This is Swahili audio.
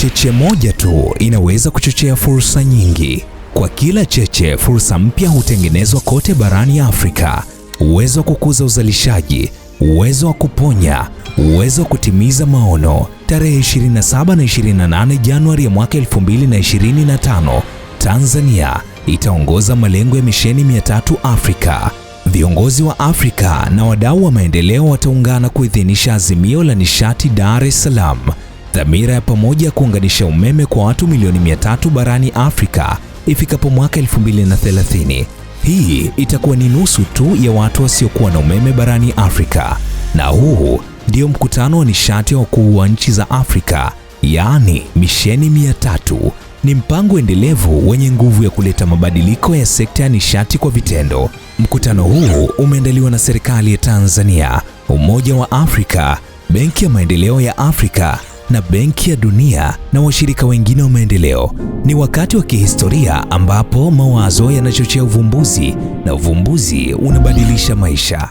Cheche moja tu inaweza kuchochea fursa nyingi. Kwa kila cheche, fursa mpya hutengenezwa kote barani Afrika: uwezo wa kukuza uzalishaji, uwezo wa kuponya, uwezo wa kutimiza maono. Tarehe 27 na 28 Januari ya mwaka 2025, Tanzania itaongoza malengo ya misheni 300 Afrika. Viongozi wa Afrika na wadau wa maendeleo wataungana kuidhinisha azimio la nishati Dar es Salaam dhamira ya pamoja kuunganisha umeme kwa watu milioni 300 barani Afrika ifikapo mwaka 2030. Hii itakuwa ni nusu tu ya watu wasiokuwa na umeme barani Afrika, na huu ndio mkutano wa nishati wa wakuu wa nchi za Afrika, yaani Misheni 300. Ni mpango endelevu wenye nguvu ya kuleta mabadiliko ya sekta ya nishati kwa vitendo. Mkutano huu umeandaliwa na serikali ya Tanzania, Umoja wa Afrika, Benki ya Maendeleo ya Afrika na Benki ya Dunia na washirika wengine wa maendeleo. Ni wakati wa kihistoria ambapo mawazo yanachochea uvumbuzi na uvumbuzi unabadilisha maisha.